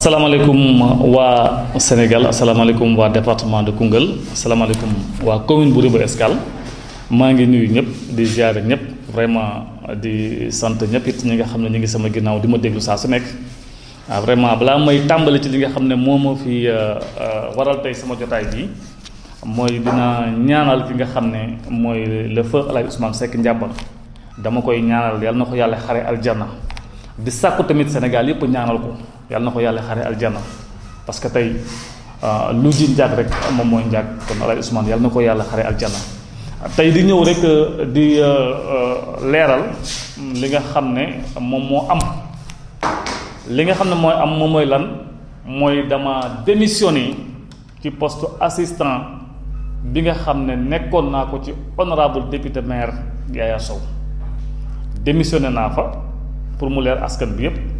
Assalamualaikum wa Senegal, assalamualaikum wa département de Koungheul assalamualaikum wa commune bu Ribot Escale ma ngi nuyu ñep di ziar ñep vraiment di sante ñep it ñi nga xamne ñi ngi sama ginnaw di ma déglu saa su nekk ah, vraiment bla may tambali ci li nga xamne momo fi euh, euh, waral tay sama jotay bi moy dina ñaanal ki nga xamne moy le feu El Ousmane Seck Ndiabar dama koy ñaanal yalla nako yalla xare aljanna di sakku tamit senegal yep ñaanal ko yàlla na ko yàlla xare aljana parce que tey euh, lu ji jak, rek moom mooy njaag kon alay usman yàlla na ko yàlla xare aljana tey di ñëw rek euh, di euh, leeral li nga xam ne moom moo am li nga xam ne mooy am moom mooy lan mooy dama démissionné ci poste assistant bi nga xam ne nekkoon naa ko ci honorable député maire Yaya Sow démissionné naa fa pour mu leer askan bi yépp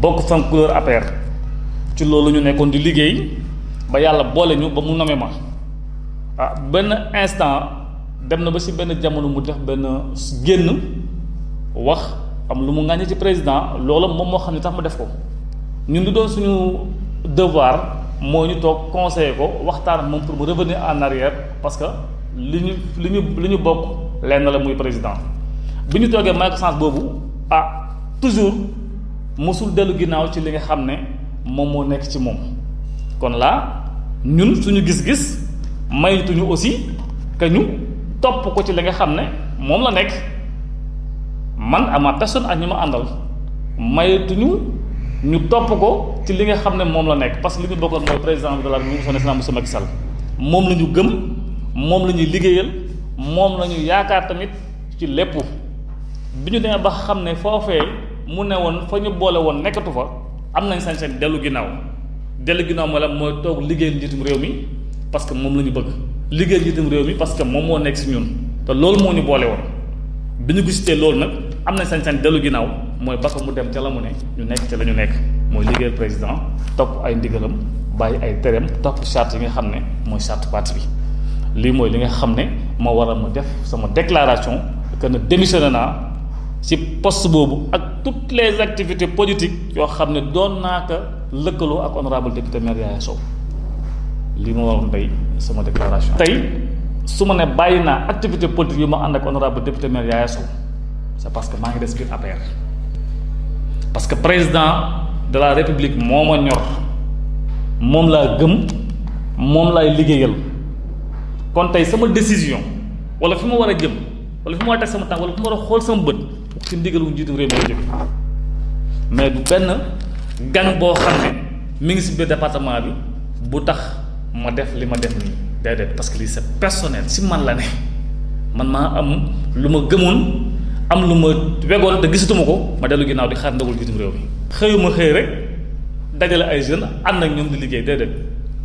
bokk fan couleur APR ci loolu ñu nekkoon di liggéey ba yàlla boole ñu ba mu nome ma ah benn instant dem na ba si benn jamono mu def benn génn wax am lu mu ŋàññi ci président loolu moom moo xam ne tax mu def ko ñun lu doon suñu devoir moo ñu toog conseiller ko waxtaan moom pour mu revenir en arrière parce que li ñu li ñu li ñu bokk lenn la muy président bi ñu toogee may ko chance boobu ah toujours musul delu ginaaw ci li nga xamne mom mo nek ci mom kon la ñun suñu gis gis maytuñu aussi que ñu top ko ci li nga xamne mom la nek man ama personne ak ñima andal maytuñu ñu top ko ci li nga xamne mom la nek parce que li ñu bokkon moy président de la république son excellence Macky Sall mom lañu gëm mom lañu ligéeyal mom lañu yaakar tamit ci lepp biñu démé ba xamne fofé mu ne woon fa ñu boole woon nekkatu fa am nañ sañ-sañ dellu ginnaaw dellu ginnaaw mooy la mooy toog liggéeyal njiitum réew mi parce que moom la ñu bëgg liggéeyal njiitum réew mi parce que moom moo nekk si ñun te loolu moo ñu boole woon bi ñu gis te loolu nag am nañ sañ-sañ dellu ginnaaw mooy ba ko mu dem ca la mu ne ñu nekk ca la ñu nekk mooy liggéeyal président topp ay ndigalam bàyyi ay tereem topp charte yi nga xam ne mooy chart parti bi lii mooy li nga xam ne ma war a def sama déclaration que ne démissionné naa ci poste boobu ak toutes les activités politiques yoo xam ne doon naa ko lëkkaloo ak honorable député maire Yaya Sow li ma waroon tey sama déclaration. tey su ma ne bàyyi naa activité politique yu ma ànd ak honorable député maire Yaya Sow c'est parce que maa ngi des biir APR parce que président de la république moo ma ñor moom laa gëm moom laay liggéeyal kon tey sama décision wala fi ma war a jëm. wala fu ma teg sama tànk wala fu ma xol sama bët ci ndigalu njiitu réew mi la mais du benn gang boo xam ne mi ngi si biir département bi bu tax ma def li ma def nii déedéet parce que lii c'est personnel si man la ne man maa am lu ma gëmoon am lu ma wegoon te gisatuma ko ma dellu ginnaaw di xaar ndagul njiitu réew mi xëyuma xëy rek dajale ay jeunes ànd ak ñoom di liggéey déedéet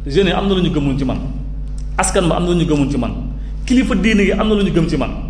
jeunes yi am na lu ñu gëmoon ci man askan ba am na lu ñu gëmoon ci man kilifa diine yi am na lu ñu gëm ci man